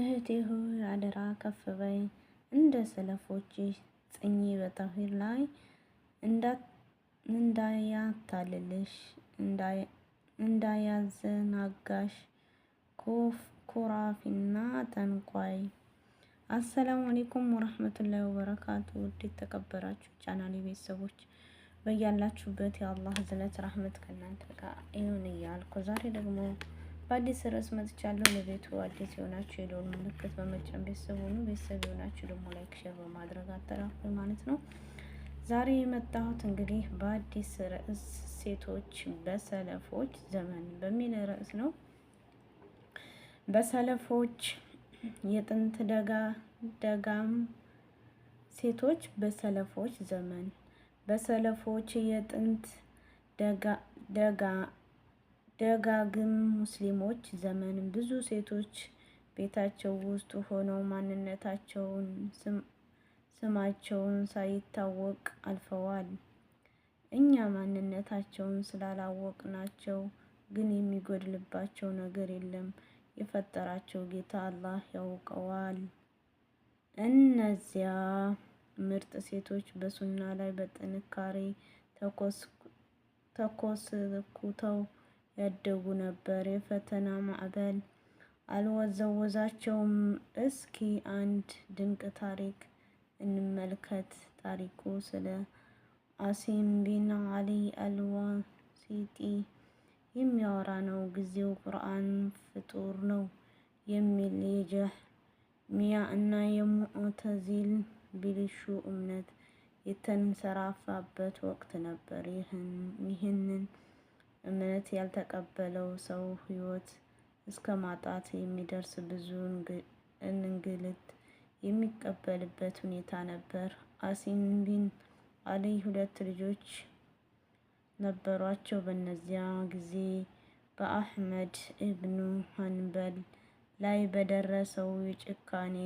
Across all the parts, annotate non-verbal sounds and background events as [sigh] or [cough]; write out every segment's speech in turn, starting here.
እህቴ ሆይ አደራ ከፍ በይ፣ እንደ ሰለፎች ጽኚ፣ በጣሂር ላይ እንዳያታልልሽ፣ እንዳያዘናጋሽ ኮራፊና ጠንቋይ። አሰላሙ አሌይኩም ወረህመቱላሂ ወበረካቱ። ውድ የተከበራችሁ ቻናል ቤተሰቦች በያላችሁበት የአላህ ዝነት ረህመት ከእናንተ ጋር ይሁን እያልኩ ዛሬ ደግሞ በአዲስ ርዕስ መጥቻለሁ። ለቤቱ አዲስ የሆናችሁ የደወል ምልክት በመጫን ቤተሰብ ሆኑ። ቤተሰብ የሆናችሁ ደግሞ ላይክ፣ ሼር በማድረግ አጠራፉ ማለት ነው። ዛሬ የመጣሁት እንግዲህ በአዲስ ርዕስ ሴቶች በሰለፎች ዘመን በሚል ርዕስ ነው። በሰለፎች የጥንት ደጋ ደጋም ሴቶች በሰለፎች ዘመን በሰለፎች የጥንት ደጋ ደጋግም ሙስሊሞች ዘመን ብዙ ሴቶች ቤታቸው ውስጥ ሆነው ማንነታቸውን ስማቸውን ሳይታወቅ አልፈዋል። እኛ ማንነታቸውን ስላላወቅናቸው ግን የሚጎድልባቸው ነገር የለም። የፈጠራቸው ጌታ አላህ ያውቀዋል። እነዚያ ምርጥ ሴቶች በሱና ላይ በጥንካሬ ተኮስኩተው ያደጉ ነበር። የፈተና ማዕበል አልወዘወዛቸውም። እስኪ አንድ ድንቅ ታሪክ እንመልከት። ታሪኩ ስለ አሲም ቢን አሊ አልዋሲጢ የሚያወራ ነው። ጊዜው ቁርአን ፍጡር ነው የሚል ሚያ እና የሙዕተዚል ብልሹ እምነት የተንሰራፋበት ወቅት ነበር። ይህንን እምነት ያልተቀበለው ሰው ህይወት እስከ ማጣት የሚደርስ ብዙ እንግልት የሚቀበልበት ሁኔታ ነበር። አሲን ቢን አሊ ሁለት ልጆች ነበሯቸው። በነዚያ ጊዜ በአህመድ ኢብኑ ሀንበል ላይ በደረሰው የጭካኔ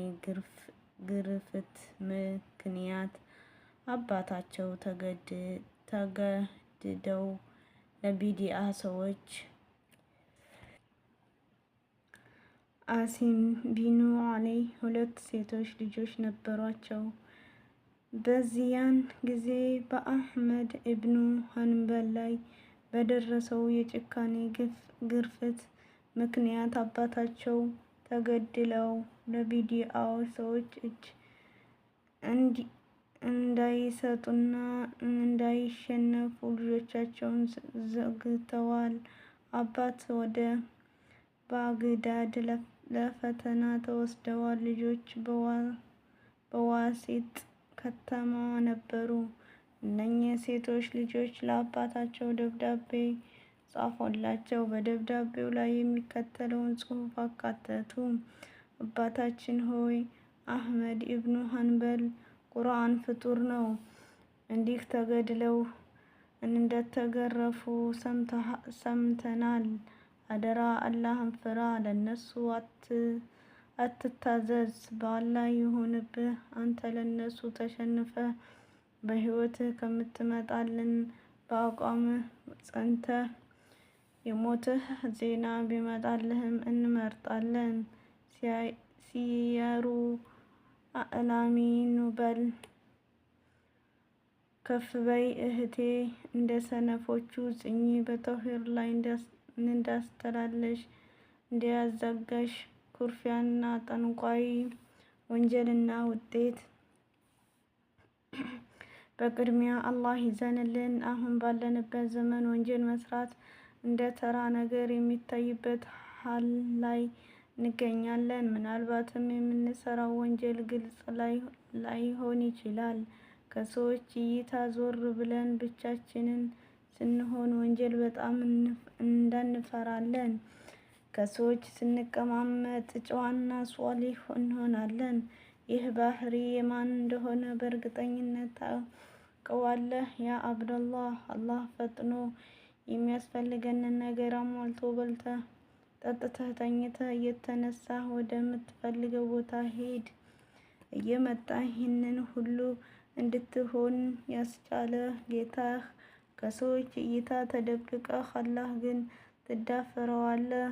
ግርፍት ምክንያት አባታቸው ተገድደው ለቢዲአ ሰዎች አሲም ቢኑ አለይ ሁለት ሴቶች ልጆች ነበሯቸው። በዚያን ጊዜ በአህመድ ኢብኑ ሀንበል ላይ በደረሰው የጭካኔ ግርፍት ምክንያት አባታቸው ተገድለው ለቢዲአ ሰዎች እጅ እንዳይሰጡና እንዳይሸነፉ ልጆቻቸውን ዘግተዋል። አባት ወደ ባግዳድ ለፈተና ተወስደዋል። ልጆች በዋሴት ከተማ ነበሩ። እነኚህ ሴቶች ልጆች ለአባታቸው ደብዳቤ ጻፎላቸው። በደብዳቤው ላይ የሚከተለውን ጽሑፍ አካተቱ። አባታችን ሆይ አህመድ ኢብኑ ሀንበል ቁርአን ፍጡር ነው። እንዲህ ተገድለው እንደተገረፉ ሰምተናል። አደራ አላህን ፍራ፣ ለነሱ አትታዘዝ። በአላህ ይሁንብህ አንተ ለነሱ ተሸንፈ በህይወትህ ከምትመጣልን በአቋምህ ጸንተ የሞትህ ዜና ቢመጣልህም እንመርጣለን ሲያሩ አዕላሚ ኑበል ከፍ በይ እህቴ፣ እንደ ሰነፎቹ ጽኚ፣ በተውሂር ላይ እንዳስተላለሽ፣ እንዲያዘጋሽ ኩርፊያና ጠንቋይ ወንጀልና ውጤት [clears throat] በቅድሚያ አላህ ይዘንልን። አሁን ባለንበት ዘመን ወንጀል መስራት እንደ ተራ ነገር የሚታይበት ሀል ላይ እንገኛለን። ምናልባትም የምንሰራው ወንጀል ግልጽ ላይሆን ይችላል። ከሰዎች እይታ ዞር ብለን ብቻችንን ስንሆን ወንጀል በጣም እንዳንፈራለን። ከሰዎች ስንቀማመጥ ጨዋና ሷሊህ እንሆናለን። ይህ ባህሪ የማን እንደሆነ በእርግጠኝነት ታውቀዋለህ ያ አብደላህ። አላህ ፈጥኖ የሚያስፈልገንን ነገር አሟልቶ በልተ ጠጥተህ ተኝተህ እየተነሳህ ወደምትፈልገው ቦታ ሄድ። እየመጣ ይህንን ሁሉ እንድትሆን ያስቻለ ጌታህ ከሰዎች እይታ ተደብቀህ አላህ ግን ትዳፈረዋለህ።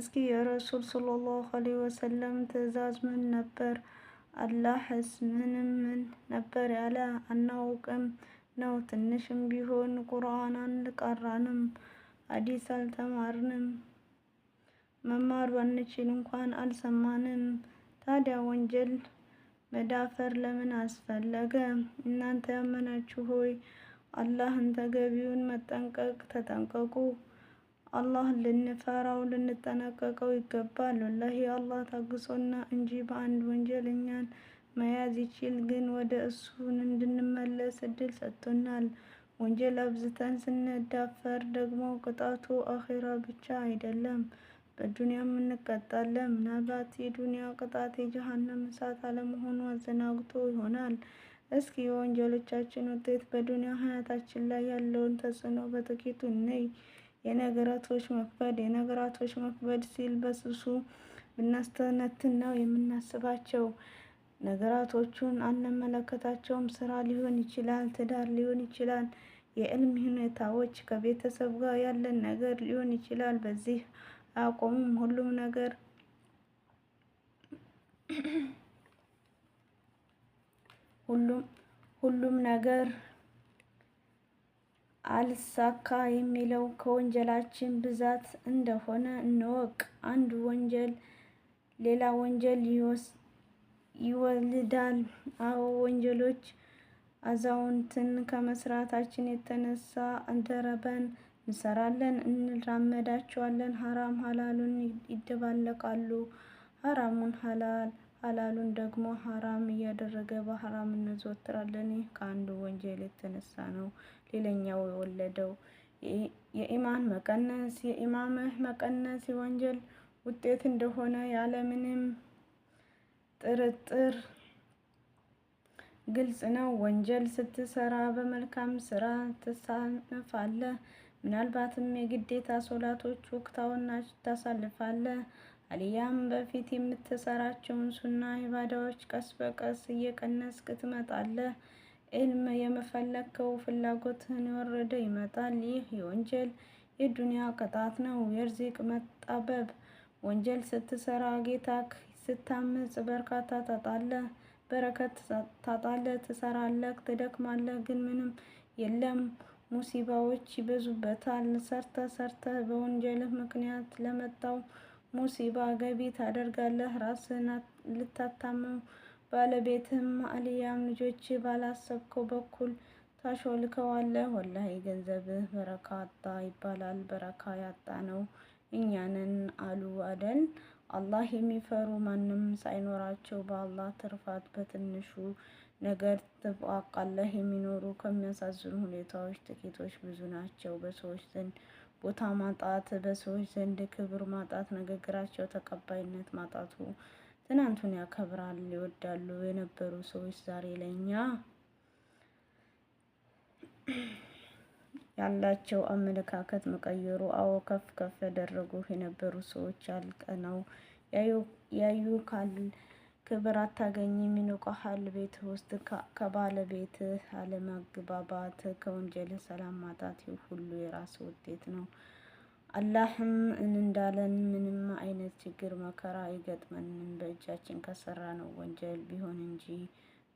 እስኪ የረሱል ሰለላሁ ዐለይሂ ወሰለም ትዕዛዝ ምን ነበር? አላህስ ምንም ምን ነበር ያለ? አናውቅም ነው። ትንሽም ቢሆን ቁርአን አልቀራንም፣ ሀዲስ አልተማርንም። መማር ባንችል እንኳን አልሰማንም። ታዲያ ወንጀል መዳፈር ለምን አስፈለገ? እናንተ ያመናችሁ ሆይ አላህን ተገቢውን መጠንቀቅ ተጠንቀቁ። አላህ ልንፈራው ልንጠነቀቀው ይገባል። ወላሂ አላህ ታግሶና እንጂ በአንድ ወንጀል እኛን መያዝ ይችል፣ ግን ወደ እሱ እንድንመለስ እድል ሰጥቶናል። ወንጀል አብዝተን ስንዳፈር ደግሞ ቅጣቱ አኼራ ብቻ አይደለም። በዱንያም እንቀጣለን። ምናልባት የዱንያ ቅጣት የጀሃነም እሳት አለመሆኑ አዘናግቶ ይሆናል። እስኪ የወንጀሎቻችን ውጤት በዱንያ ሀያታችን ላይ ያለውን ተጽዕኖ በጥቂቱ እንይ። የነገራቶች መክበድ የነገራቶች መክበድ ሲል በስሱ ብናስተነትን ነው የምናስባቸው ነገራቶቹን አንመለከታቸውም። ስራ ሊሆን ይችላል፣ ትዳር ሊሆን ይችላል፣ የእልም ሁኔታዎች፣ ከቤተሰብ ጋር ያለን ነገር ሊሆን ይችላል። በዚህ አቆሙም። ሁሉም ነገር ሁሉም ሁሉም ነገር አልሳካ የሚለው ከወንጀላችን ብዛት እንደሆነ እንወቅ። አንድ ወንጀል ሌላ ወንጀል ይወልዳል። አዎ ወንጀሎች አዛውንትን ከመስራታችን የተነሳ አደረበን። እንሰራለን፣ እንራመዳቸዋለን። ሀራም ሀላሉን ይደባለቃሉ። ሀራሙን ሀላል ሀላሉን ደግሞ ሀራም እያደረገ በሀራም እንዘወትራለን። ይህ ከአንዱ ወንጀል የተነሳ ነው። ሌላኛው የወለደው የኢማን መቀነስ የኢማምህ መቀነስ የወንጀል ውጤት እንደሆነ ያለምንም ጥርጥር ግልጽ ነው። ወንጀል ስትሰራ በመልካም ስራ ትሳነፋለህ። ምናልባትም የግዴታ ሶላቶች ወቅታውና ታሳልፋለ። አሊያም በፊት የምትሰራቸውን ሱና ኢባዳዎች ቀስ በቀስ እየቀነስክ ትመጣለህ። ኢልም የመፈለግከው ፍላጎትህን የወረደ ይመጣል። ይህ የወንጀል የዱንያ ቅጣት ነው። የርዚቅ መጣበብ ወንጀል ስትሰራ ጌታክ ስታምጽ በርካታ ታጣለህ፣ በረከት ታጣለህ፣ ትሰራለህ፣ ትደክማለህ ግን ምንም የለም። ሙሲባዎች ይበዙበታል። ሰርተ ሰርተ በወንጀልህ ምክንያት ለመጣው ሙሲባ ገቢ ታደርጋለህ። ራስህን ልታታመው ባለቤትህም አልያም ልጆች ባላሰብከው በኩል ታሾልከዋለህ። ወላሂ ገንዘብህ በረካ አጣ ይባላል። በረካ ያጣ ነው እኛንን አሉ አደል አላህ የሚፈሩ ማንም ሳይኖራቸው በአላህ ትርፋት በትንሹ ነገር ተዋቃለህ የሚኖሩ ከሚያሳዝኑ ሁኔታዎች ጥቂቶች ብዙ ናቸው። በሰዎች ዘንድ ቦታ ማጣት፣ በሰዎች ዘንድ ክብር ማጣት፣ ንግግራቸው ተቀባይነት ማጣቱ ትናንቱን ያከብራል ይወዳሉ የነበሩ ሰዎች ዛሬ ለኛ ያላቸው አመለካከት መቀየሩ። አዎ ከፍ ከፍ ያደረጉ የነበሩ ሰዎች አልቀነው ካል ክብር አታገኝም፣ ይንቁሃል። ቤት ውስጥ ከባለቤት አለመግባባት፣ ከወንጀል ሰላም ማጣት ሁሉ የራስ ውጤት ነው። አላህም እንዳለን ምንም አይነት ችግር መከራ አይገጥመንም በእጃችን ከሰራ ነው ወንጀል ቢሆን እንጂ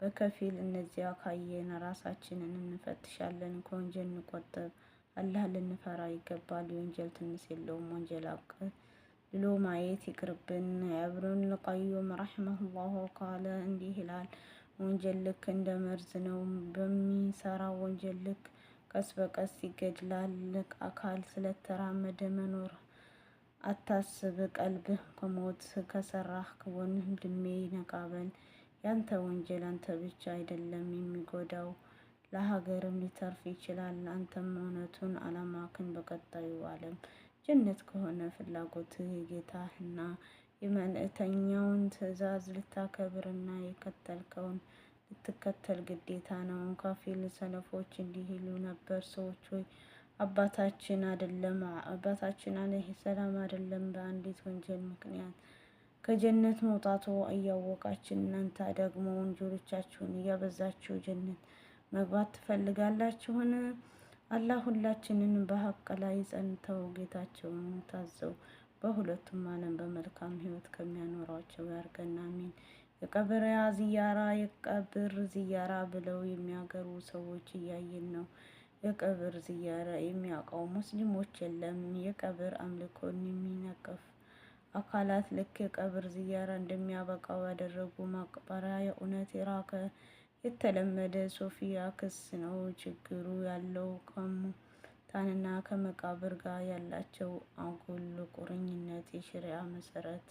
በከፊል እነዚያ ካየን ራሳችንን እንፈትሻለን። ከወንጀል እንቆጠብ። አላህ ልንፈራ ይገባል። የወንጀል ትንስ የለውም። ወንጀል ብሎ ማየት ይቅርብን። ኢብኑል ቀዩም ረሂመሁላሁ ካለ እንዲህ ይላል፣ ወንጀል ልክ እንደ መርዝ ነው። በሚሰራው ወንጀል ልክ ቀስ በቀስ ይገድላል። አካል ስለተራመደ መኖር አታስብ። ቀልብህ ከሞት ከሰራህ ወንድሜ ነቃበል ያንተ ወንጀል አንተ ብቻ አይደለም የሚጎዳው፣ ለሀገርም ሊተርፍ ይችላል። አንተም እውነቱን አላማክን በቀጣዩ ዓለም ጀነት ከሆነ ፍላጎት የጌታህና የመልእተኛውን ትእዛዝ ልታከብርና የከተልከውን ልትከተል ግዴታ ነው። ካፊል ሰለፎች እንዲህ ይሉ ነበር፣ ሰዎች ሆይ አባታችን አደለም አባታችን አለይህ ሰላም አደለም በአንዲት ወንጀል ምክንያት ከጀነት መውጣቱ እያወቃች እናንተ ደግሞ ወንጀሎቻችሁን እያበዛችሁ ጀነት መግባት ትፈልጋላችሁን? አላህ ሁላችንን በሀቅ ላይ ጸንተው ጌታቸውን ታዘው በሁለቱም ዓለም በመልካም ህይወት ከሚያኖሯቸው ያርገን። አሚን። የቀብር ዝያራ የቀብር ዝያራ ብለው የሚያገሩ ሰዎች እያየን ነው። የቀብር ዝያራ የሚያውቀው ሙስሊሞች የለም። የቀብር አምልኮን የሚነቀፍ አካላት ልክ የቀብር ዝያራ እንደሚያበቃው ያደረጉ ማቅበሪያ የእውነት የራቀ የተለመደ ሶፊያ ክስ ነው። ችግሩ ያለው ከሙታንና ከመቃብር ጋር ያላቸው አጉል ቁርኝነት የሽሪያ መሰረት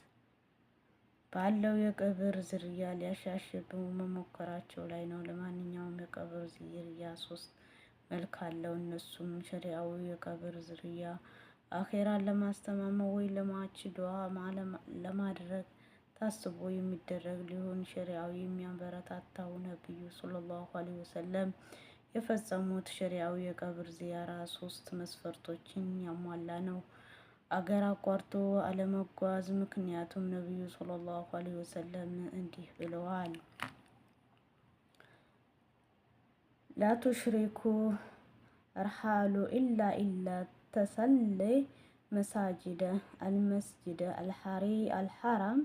ባለው የቀብር ዝርያ ሊያሻሽሉ መሞከራቸው ላይ ነው። ለማንኛውም የቀብር ዝርያ ሶስት መልክ አለው። እነሱም ሸሪያዊ የቀብር ዝርያ አኼራን ለማስተማመን ወይ ለማች ድዋ ለማድረግ ታስቦ የሚደረግ ሊሆን ሸሪያዊ የሚያበረታታው ነቢዩ ሰለላሁ ዐለይሂ ወሰለም የፈጸሙት ሸሪያዊ የቀብር ዚያራ ሶስት መስፈርቶችን ያሟላ ነው። አገር አቋርጦ አለመጓዝ። ምክንያቱም ነቢዩ ሰለላሁ ዐለይሂ ወሰለም እንዲህ ብለዋል፣ ላቱሽሪኩ ርሓሉ ኢላ ኢላ ተሰልይ መሳጅደ አልመስጅደ አልሐሪ አልሐራም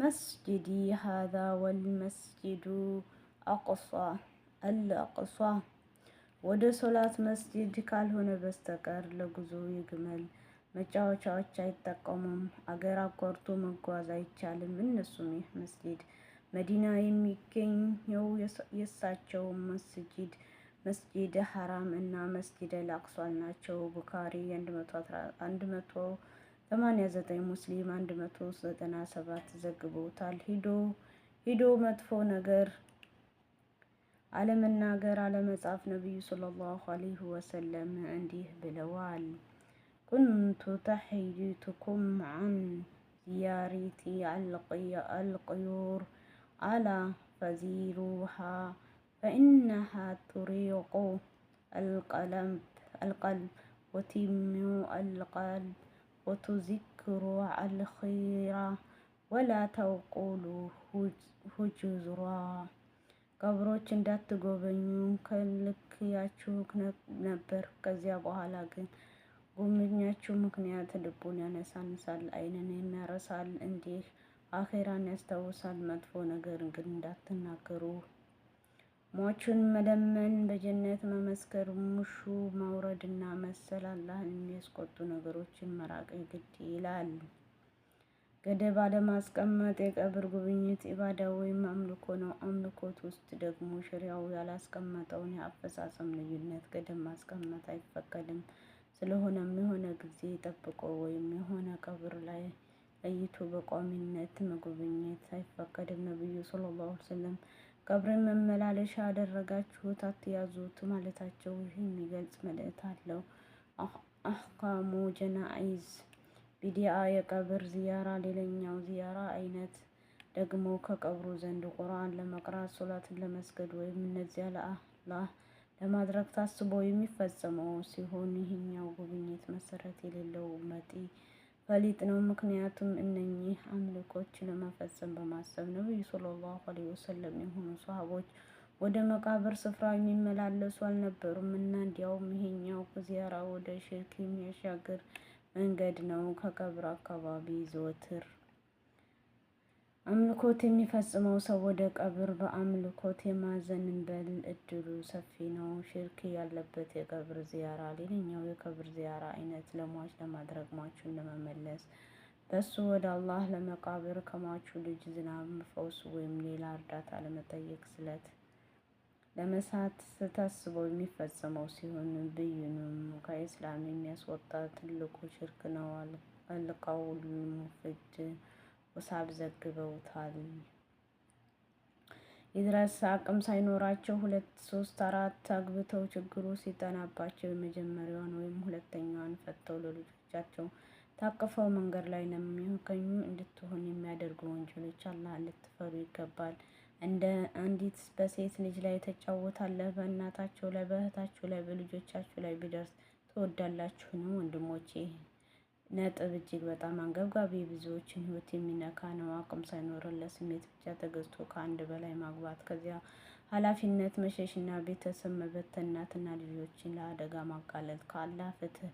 መስጅዲ ሃዛ ወልመስጅዱ አቅሷ አልአቅሷ ወደ ሶላት መስጅድ ካልሆነ በስተቀር ለጉዞ የግመል መጫወቻዎች አይጠቀሙም። አገር አቋርጦ መጓዝ አይቻልም። እነሱም ይህ መስጅድ መዲና የሚገኘው የእሳቸው መስጅድ መስጂድ ሐራም እና መስጂድ አልአቅሷል ናቸው። ቡካሪ 189 ሙስሊም 197 ዘግበውታል። ሂዶ ሂዶ መጥፎ ነገር አለመናገር አለመጻፍ። ነቢዩ ሰለላሁ ዐለይሂ ወሰለም እንዲህ ብለዋል፣ ኩንቱ ተሕይቱኩም አን ዚያሪቲ አልቅዩር አላ ፈዚሩሃ ፈኢነሃ ቱሪቁ አልቀልብ ወቲምሙ አልቀልብ ወቱዚክሩ አልኺራ ወላ ተውቁሉ ሁጅራ ቀብሮች እንዳትጎበኙ ከልክያችሁ ነበር። ከዚያ በኋላ ግን ጉብኝታችሁ ምክንያት ልቡን ያነሳንሳል፣ ዓይንን የሚያረሳል፣ እንዲህ አኼራን ያስታውሳል። መጥፎ ነገር ግን እንዳትናገሩ ሟቹን መለመን በጀነት መመስከር ሙሹ ማውረድና መሰል አላህን የሚያስቆጡ ነገሮችን መራቅ ግድ ይላል። ገደብ አለማስቀመጥ የቀብር ጉብኝት ኢባዳ ወይም አምልኮ ነው። አምልኮት ውስጥ ደግሞ ሸሪያው ያላስቀመጠውን የአፈጻጸም ልዩነት ገደብ ማስቀመጥ አይፈቀድም። ስለሆነም የሆነ ጊዜ ጠብቆ ወይም የሆነ ቀብር ላይ ለይቶ በቋሚነት መጎብኘት አይፈቀድም። ነቢዩ ሰለላሁ ዐለይሂ ወሰለም ቀብርን መመላለሻ አደረጋችሁት አትያዙት ማለታቸው ይህ የሚገልጽ መልእክት አለው። አህካሙ ጀናኢዝ ቢዲአ የቀብር ዝያራ ሌላኛው ዝያራ አይነት ደግሞ ከቀብሩ ዘንድ ቁርአን ለመቅራት ሶላትን ለመስገድ ወይም እነዚያ ለአላህ ለማድረግ ታስቦ የሚፈጸመው ሲሆን ይህኛው ጉብኝት መሰረት የሌለው መጤ በሊጥ ነው። ምክንያቱም እነኚህ አምልኮች ለመፈጸም በማሰብ ነብዩ ሰለላሁ ዐለይሂ ወሰለም የሆኑ ሰሃቦች ወደ መቃብር ስፍራ የሚመላለሱ አልነበሩም እና እንዲያውም ይሄኛው ከዚያራ ወደ ሽርክ የሚያሻግር መንገድ ነው። ከቀብር አካባቢ ዘወትር አምልኮት የሚፈጽመው ሰው ወደ ቀብር በአምልኮት የማዘንበል እድሉ ሰፊ ነው። ሽርክ ያለበት የቀብር ዚያራ ሌላኛው የቀብር ዚያራ አይነት ለሟች ለማድረግ ሟቹን ለመመለስ በሱ ወደ አላህ ለመቃብር ከሟቹ ልጅ ዝናብ ፈውስ ወይም ሌላ እርዳታ ለመጠየቅ ስለት ለመሳት ስታስቦ የሚፈጽመው ሲሆን ብይኑም ከኢስላም የሚያስወጣ ትልቁ ሽርክ ነው። አልቃውሉ ፍጅ ቁሳብ ዘግበውታል። የድረስ አቅም ሳይኖራቸው ሁለት ሶስት አራት አግብተው ችግሩ ሲጠናባቸው የመጀመሪያዋን ወይም ሁለተኛዋን ፈተው ለልጆቻቸው ታቅፈው መንገድ ላይ የሚያገኙ እንድትሆን የሚያደርጉ ወንጀሎች አላህን ልትፈሩ ይገባል። እንደ አንዲት በሴት ልጅ ላይ ተጫወታለህ፣ በእናታቸው ላይ፣ በእህታቸው ላይ፣ በልጆቻቸው ላይ ቢደርስ ትወዳላችሁንም ወንድሞቼ ነጥብ እጅግ በጣም አንገብጋቢ ብዙዎችን ህይወት የሚነካ ነው። አቅም ሳይኖረን ለስሜት ብቻ ተገዝቶ ከአንድ በላይ ማግባት፣ ከዚያ ኃላፊነት መሸሽና ቤተሰብ መበተን፣ እናትና ልጆችን ለአደጋ ማጋለጥ ከአላህ ፍትህ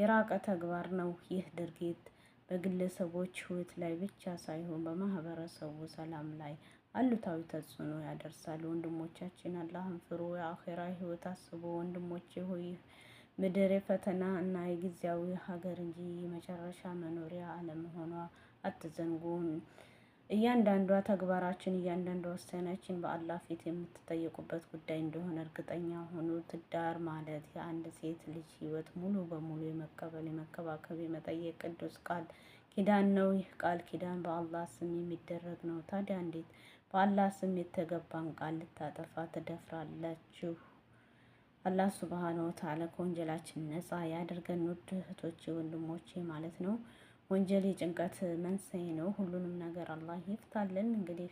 የራቀ ተግባር ነው። ይህ ድርጊት በግለሰቦች ህይወት ላይ ብቻ ሳይሆን በማህበረሰቡ ሰላም ላይ አሉታዊ ተጽዕኖ ያደርሳል። ወንድሞቻችን አላህን ፍሩ፣ የአኼራ ህይወት አስቡ። ወንድሞቼ ሆይ ምድር የፈተና እና የጊዜያዊ ሀገር እንጂ የመጨረሻ መኖሪያ አለመሆኗ አትዘንጉን። እያንዳንዷ ተግባራችን፣ እያንዳንዷ ውሳኔያችን በአላህ ፊት የምትጠየቁበት ጉዳይ እንደሆነ እርግጠኛ ሆኑ። ትዳር ማለት የአንድ ሴት ልጅ ሕይወት ሙሉ በሙሉ የመቀበል የመከባከብ፣ የመጠየቅ ቅዱስ ቃል ኪዳን ነው። ይህ ቃል ኪዳን በአላህ ስም የሚደረግ ነው። ታዲያ እንዴት በአላህ ስም የተገባን ቃል ልታጠፋ ትደፍራላችሁ? አላህ ሱብሃነ ወተዓላ ከወንጀላችን ነጻ ያደርገን። ውድ እህቶቼ ወንድሞቼ ማለት ነው። ወንጀል የጭንቀት መንስኤ ነው። ሁሉንም ነገር አላህ ይፍታልን። እንግዲህ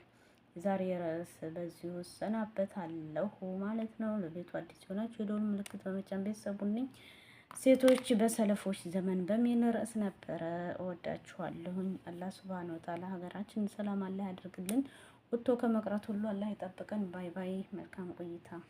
ዛሬ ርዕስ በዚሁ እሰናበታለሁ ማለት ነው። ለቤቱ አዲስ የሆናችሁ የደወል ምልክት በመጫን ቤተሰቡንኝ ሴቶች በሰለፎች ዘመን በሚል ርዕስ ነበረ። እወዳችኋለሁኝ። አላህ ሱብሃነ ወተዓላ ሀገራችን ሰላም አላህ ያደርግልን። ወጥቶ ከመቅረት ሁሉ አላህ ይጠብቀን። ባይ ባይ። መልካም ቆይታ